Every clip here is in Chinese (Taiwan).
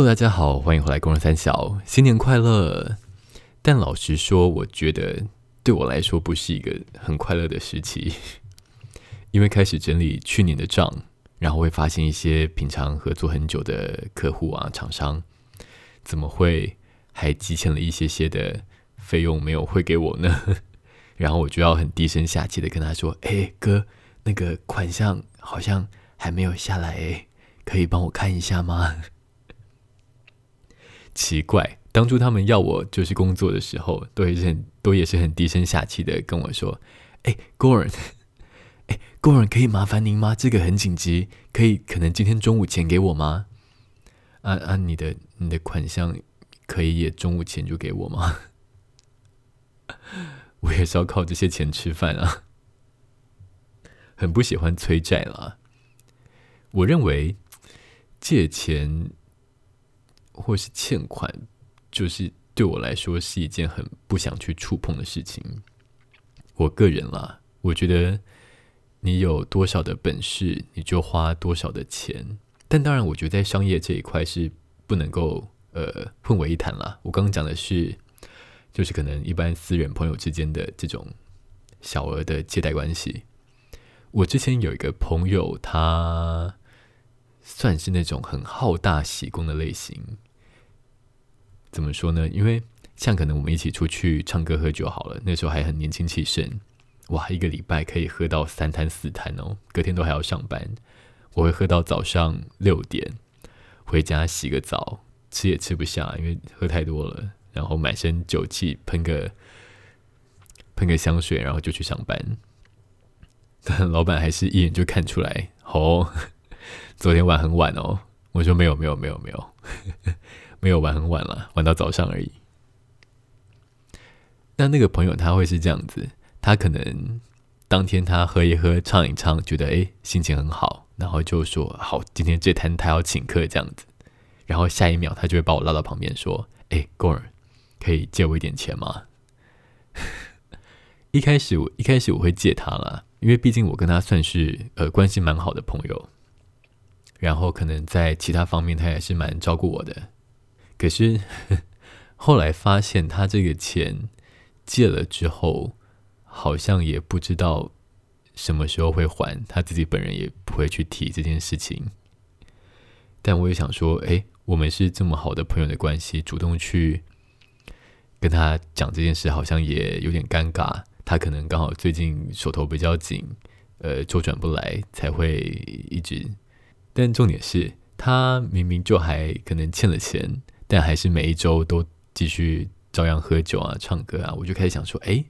Hello，大家好，歡迎回來，工人三小，新年快樂。但老實說，我覺得對我來說不是一個很快樂的時期，因為開始整理去年的賬，然後會發現一些平常合作很久的客戶啊、廠商，怎麼會還積欠了一些些的費用沒有匯給我呢？然後我就要很低聲下氣的跟他說：“哎，哥，那個款項好像還沒有下來誒，可以幫我看一下嗎？”奇怪，當初他們要我就是工作的時候，都也是很都也是很低聲下氣的跟我說：“哎、欸，工人、欸，哎，工人，可以麻煩您嗎？這個很緊急，可以，可能今天中午前給我嗎？按、啊、按、啊，你的你的款項，可以也中午前就給我嗎？我也是要靠這些錢吃飯啊，很不喜歡催債啦，我認為借錢。”或是欠款，就是對我來說是一件很不想去觸碰的事情。我個人啦，我覺得你有多少的本事，你就花多少的錢。但當然，我覺得在商業這一塊是不能夠呃混為一談啦。我剛剛講的是，就是可能一般私人朋友之間的這種小額的借貸關係。我之前有一個朋友，他算是那種很好大喜功的類型。怎麼說呢？因為像可能我們一起出去唱歌喝酒好了，那時候還很年輕氣盛，哇，一個禮拜可以喝到三攤四攤哦，隔天都還要上班。我會喝到早上六點，回家洗個澡，吃也吃不下，因為喝太多了，然後滿身酒氣，噴個噴個香水，然後就去上班。但老闆還是一眼就看出來，哦，昨天晚很晚哦。我說沒有沒有沒有沒有。沒有沒有沒有玩很晚了，玩到早上而已。但那，那個朋友他會是這樣子，他可能當天他喝一喝唱一唱，覺得哎，心情很好，然後就說好，今天這攤他要請客這樣子，然後下一秒他就會把我拉到旁邊說哎，Gore 可以借我一點錢嗎？ 一開始我一開始我會借他啦，因為畢竟我跟他算是呃關係蠻好的朋友，然後可能在其他方面他也是蠻照顧我的。可是後來發現，他這個錢借了之後，好像也不知道什麼時候會還，他自己本人也不會去提這件事情。但我也想說，哎，我們是這麼好的朋友的關係，主動去跟他講這件事，好像也有點尷尬。他可能剛好最近手頭比較緊，呃，周轉不來，才會一直。但重點是他明明就還可能欠了錢。但還是每一周都繼續照樣喝酒啊、唱歌啊，我就開始想說：哎，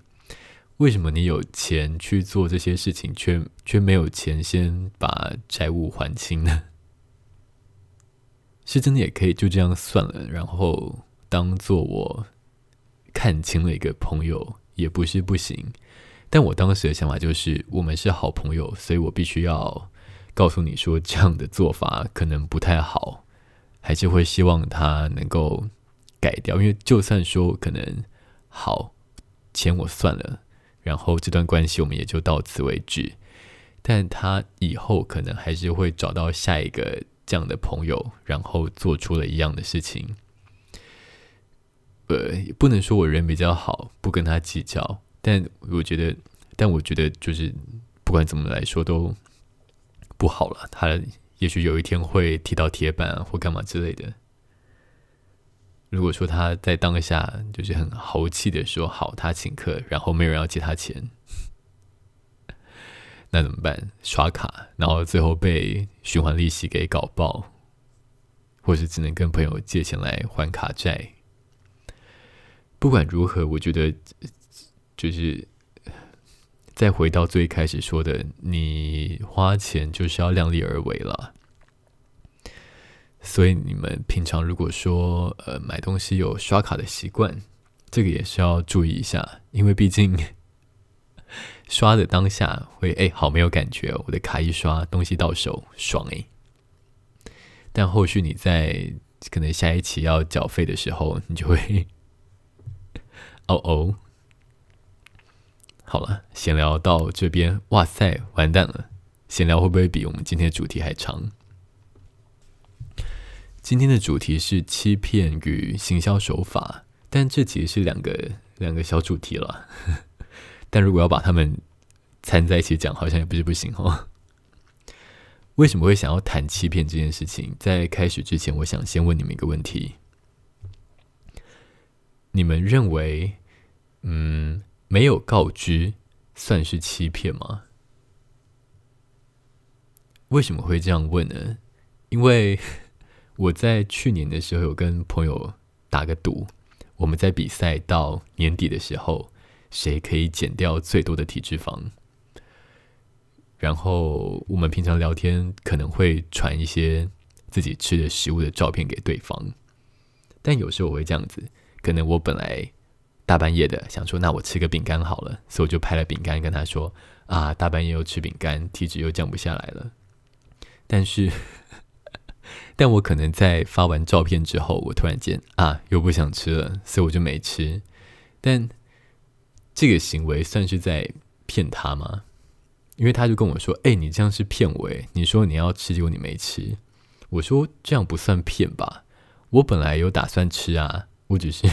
為什麼你有錢去做這些事情，卻卻沒有錢先把債務還清呢？是真的也可以就這樣算了，然後當做我看清了一個朋友，也不是不行。但我當時的想法就是，我們是好朋友，所以我必須要告訴你說，這樣的做法可能不太好。還是會希望他能夠改掉，因為就算說可能好，錢我算了，然後這段關係我們也就到此為止。但他以後可能還是會找到下一個這樣的朋友，然後做出了一樣的事情。呃，不能說我人比較好，不跟他計較，但我覺得，但我覺得就是不管怎麼來說，都不好了。他。也許有一天會踢到鐵板或幹嘛之類的。如果說他在當下就是很豪氣的說好，他請客，然後沒有人要借他錢，那怎麼辦？刷卡，然後最後被循環利息給搞爆，或是只能跟朋友借錢來還卡債。不管如何，我覺得就是。再回到最開始說的，你花錢就是要量力而為了。所以你們平常如果說呃買東西有刷卡的習慣，這個也是要注意一下，因為畢竟刷的當下會哎、欸、好沒有感覺哦，我的卡一刷東西到手爽誒。但後續你在可能下一期要繳費的時候，你就會哦哦。好了，閒聊到這邊，哇塞，完蛋了！閒聊會不會比我們今天的主題還長？今天的主題是欺騙與行銷手法，但這其實是兩個兩個小主題了。但如果要把它們摻在一起講，好像也不是不行哦。為什麼會想要談欺騙這件事情？在開始之前，我想先問你們一個問題：你們認為，嗯，沒有告知算是欺騙嗎？為什麼會這樣問呢？因為我在去年的時候有跟朋友打個賭，我們在比賽到年底的時候，誰可以減掉最多的體脂肪。然後我們平常聊天可能會傳一些自己吃的食物的照片給對方，但有時候我會這樣子，可能我本來，大半夜的，想說那我吃個餅乾好了，所以我就拍了餅乾跟他說啊，大半夜又吃餅乾，體脂又降不下來了。但是，呵呵，但我可能在發完照片之後，我突然間啊，又不想吃了，所以我就沒吃。但這個行為算是在騙他嗎？因為他就跟我說，誒、欸，你這樣是騙我，欸，誒，你說你要吃，結果你沒吃。我說這樣不算騙吧，我本來有打算吃啊，我只是。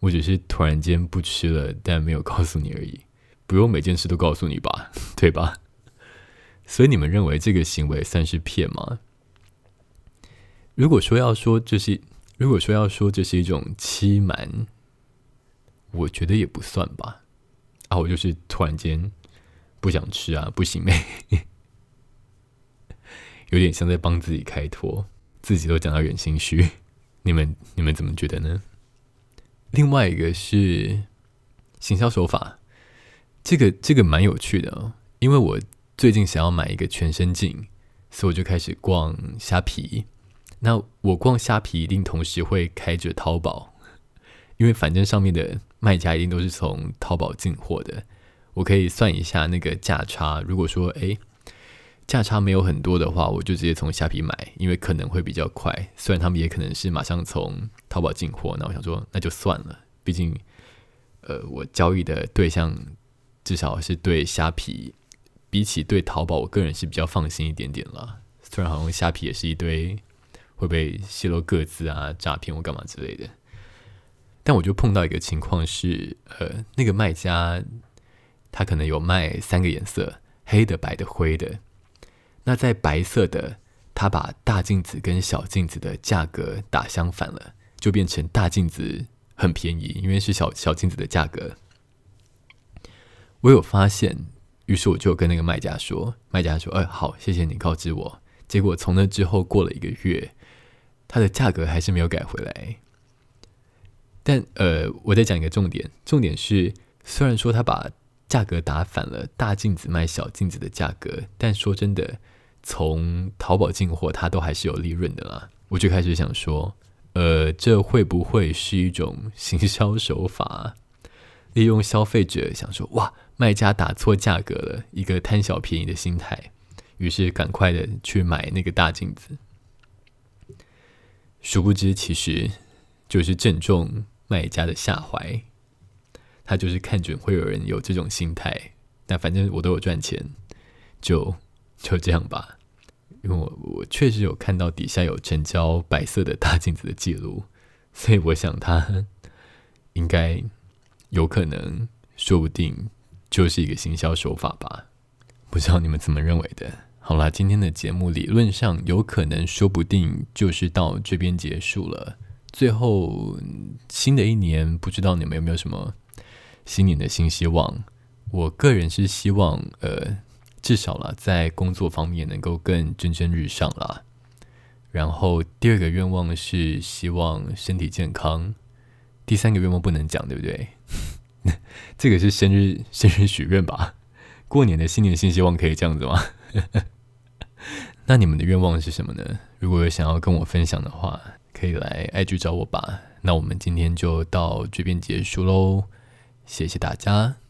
我只是突然間不吃了，但沒有告訴你而已，不用每件事都告訴你吧，對吧？所以你們認為這個行為算是騙嗎？如果說要說這是，如果說要說這是一種欺瞞，我覺得也不算吧。啊，我就是突然間不想吃啊，不行沒， 有點像在幫自己開脫，自己都講到人心虛。你們你們怎麼覺得呢？另外一個是行銷手法，這個這個蠻有趣的哦，因為我最近想要買一個全身鏡，所以我就開始逛蝦皮。那我逛蝦皮一定同時會開着淘寶，因為反正上面的賣家一定都是從淘寶進貨的，我可以算一下那個價差，如果說，哎。誒價差沒有很多的話，我就直接從蝦皮買，因為可能會比較快。雖然他們也可能是馬上從淘寶進貨，那我想說那就算了。畢竟，呃，我交易的對象至少是對蝦皮，比起對淘寶，我個人是比較放心一點點了。雖然好像蝦皮也是一堆會被洩露個資啊、詐騙或幹嘛之類的，但我就碰到一個情況是，呃，那個賣家他可能有賣三個顏色，黑的、白的、灰的。那在白色的，他把大鏡子跟小鏡子的價格打相反了，就變成大鏡子很便宜，因為是小小鏡子的價格。我有發現，於是我就跟那個賣家說，賣家說：“哎，好，謝謝你告知我。”結果從那之後過了一個月，它的價格還是沒有改回來。但呃，我再講一個重點，重點是，雖然說他把。價格打反了，大鏡子賣小鏡子的價格，但說真的，從淘寶進貨，他都還是有利潤的啦。我就開始想說，呃，這會不會是一種行銷手法？利用消費者想說，哇，賣家打錯價格了，一個貪小便宜的心態，於是趕快的去買那個大鏡子，殊不知其實就是正中賣家的下懷。他就是看準，會有人有這種心態，那反正我都有賺錢，就就這樣吧。因為我我確實有看到底下有成交白色的大鏡子的記錄，所以我想他應該有可能，說不定就是一個行銷手法吧。不知道你們怎麼認為的？好啦，今天的節目理論上有可能，說不定就是到這邊結束了。最後，新的一年，不知道你們有沒有什麼？新年的新希望，我個人是希望，呃，至少了在工作方面能夠更蒸蒸日上啦。然後第二個願望是希望身體健康。第三個願望不能講，對不對？ 這個是生日生日許願吧？過年的新年新希望可以這樣子嗎？ 那你們的願望是什麼呢？如果有想要跟我分享的話，可以來 IG 找我吧。那我們今天就到這邊結束嘍。謝謝大家。